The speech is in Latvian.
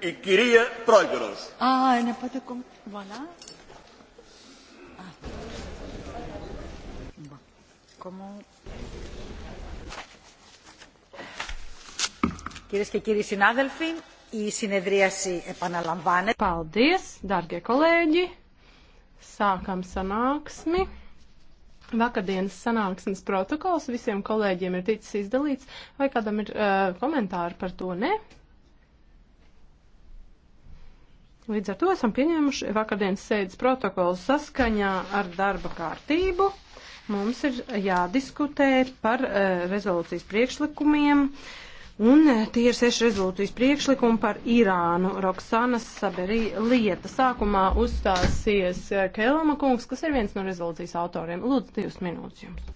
η κυρία Πρόεδρος. Α, να πάτε ακόμα. Voilà. Comment... Κυρίες και κύριοι συνάδελφοι, η συνεδρίαση επαναλαμβάνεται. Paldies, dārgie kolēģi. Sākam sanāksmi. Vakardienas sanāksmes protokols visiem kolēģiem ir ticis izdalīts. Vai kādam ir uh, komentāri par to? Nē? Līdz ar to esam pieņēmuši vakardienas sēdes protokolu saskaņā ar darba kārtību. Mums ir jādiskutē par uh, rezolūcijas priekšlikumiem, un uh, tie ir seši rezolūcijas priekšlikumi par Irānu. Roksanas Saberī lieta sākumā uzstāsies eh, Kelama kungs, kas ir viens no rezolūcijas autoriem. Lūdzu, divas minūtes jums.